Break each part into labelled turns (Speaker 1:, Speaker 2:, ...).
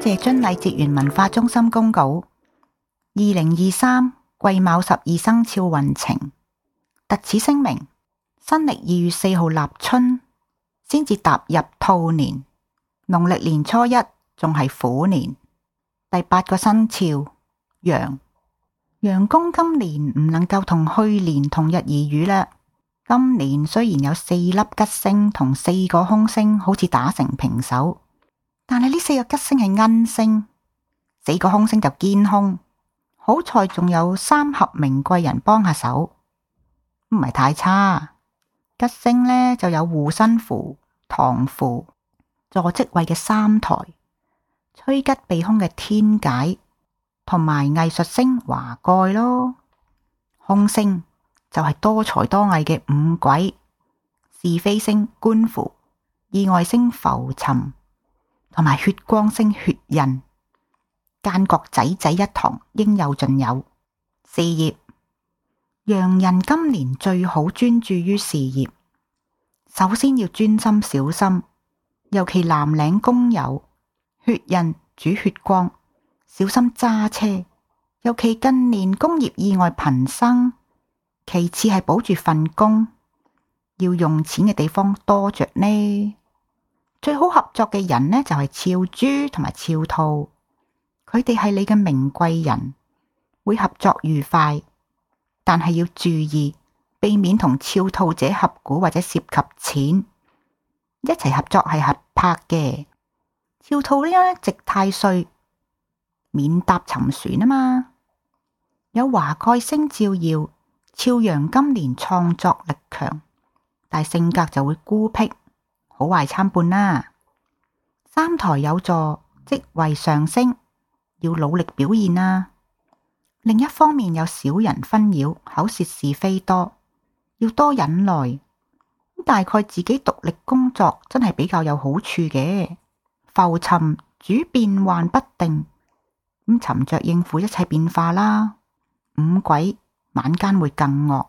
Speaker 1: 謝津麗澤園文化中心公告：二零二三癸卯十二生肖運程。特此聲明，新曆二月四號立春先至踏入兔年，農曆年初一仲係虎年。第八個生肖羊，羊公今年唔能夠同去年同日而語啦。今年雖然有四粒吉星同四個凶星，好似打成平手。但係呢四個吉星係恩星，四個凶星就堅凶。好彩仲有三合名貴人幫下手，唔係太差。吉星呢就有護身符、唐符、坐職位嘅三台、催吉避凶嘅天解，同埋藝術星華蓋咯。凶星就係多才多藝嘅五鬼、是非星官符、意外星浮沉。同埋血光星血刃間角仔仔一堂，應有盡有。事業。羊人今年最好專注於事業，首先要專心小心，尤其藍領工友血刃主血光，小心揸車，尤其近年工業意外頻生。其次係保住份工，要用錢嘅地方多着呢。最好合作嘅人呢，就係肖豬同埋肖兔，佢哋係你嘅名貴人，會合作愉快。但係要注意，避免同肖兔者合股或者涉及錢一齊合作係合拍嘅。肖兔呢，值太歲，免搭沉船啊嘛。有華蓋星照耀，肖羊今年創作力強，但性格就會孤僻。好壞參半啦，三台有助職位上升，要努力表現啦。另一方面有小人紛擾，口舌是非多，要多忍耐。大概自己獨立工作真係比較有好處嘅。浮沉主變幻不定，咁沉着應付一切變化啦。五鬼晚間會更惡，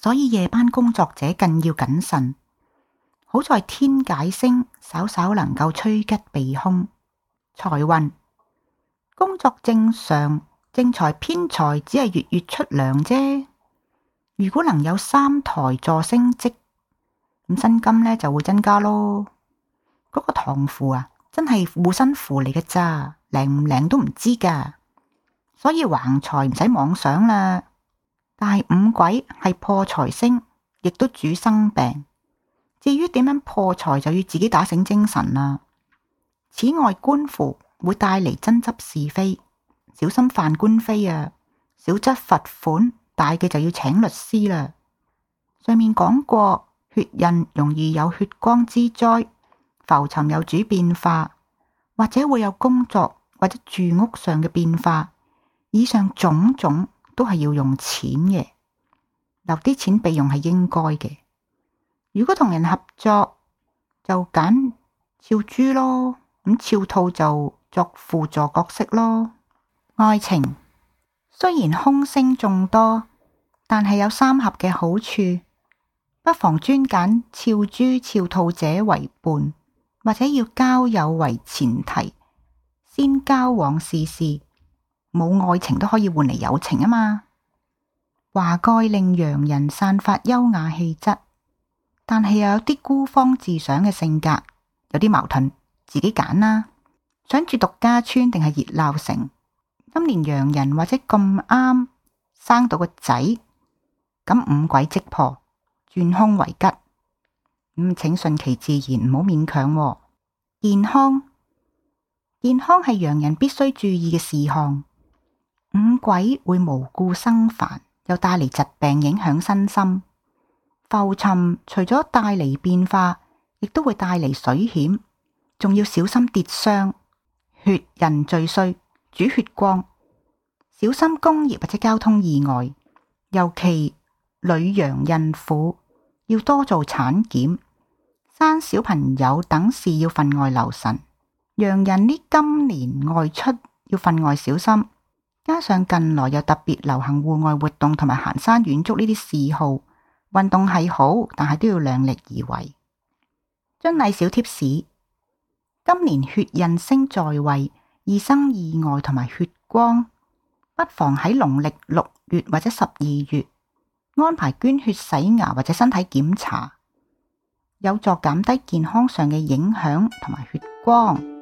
Speaker 1: 所以夜班工作者更要謹慎。好在天解星稍稍能夠催吉避凶，財運工作正常，正財偏財只係月月出糧啫。如果能有三台助升職，咁薪金呢就會增加咯。嗰、那個唐符啊，真係護身符嚟嘅咋，靈唔靈都唔知噶。所以橫財唔使妄想啦。但係五鬼係破財星，亦都主生病。至於點樣破財，就要自己打醒精神啦啊。此外，官符會帶嚟爭執是非，小心犯官非啊！小則罰款，大嘅就要請律師啦。上面講過，血刃容易有血光之災，浮沉有主變化，或者會有工作或者住屋上嘅變化。以上種種都係要用錢嘅，留啲錢備用係應該嘅。如果同人合作，就揀肖豬咯。咁肖兔就作輔助角色咯。愛情雖然凶星眾多，但係有三合嘅好處，不妨專揀肖豬、肖兔者為伴，或者要交友為前提，先交往試試。冇愛情都可以換嚟友情啊嘛。華蓋令羊人散發優雅氣質。但係又有啲孤芳自賞嘅性格，有啲矛盾，自己揀啦。想住獨家村定係熱鬧城？今年羊人或者咁啱生到個仔，咁五鬼即破，轉凶為吉。咁請順其自然，唔好勉強啊。健康。健康係羊人必須注意嘅事項。五鬼會無故生煩，又帶嚟疾病，影響身心。浮沉除咗帶嚟變化，亦都會帶嚟水險，仲要小心跌傷。血刃最衰，主血光，小心工業或者交通意外。尤其女羊孕婦要多做產檢，生小朋友等事要分外留神。羊人呢，今年外出要分外小心，加上近來又特別流行戶外活動同埋行山遠足呢啲嗜好。運動係好，但係都要量力而為。鐏澧小貼士：今年血刃星在位，易生意外同埋血光，不妨喺農曆六月或者十二月安排捐血、洗牙或者身體檢查，有助減低健康上嘅影響同埋血光。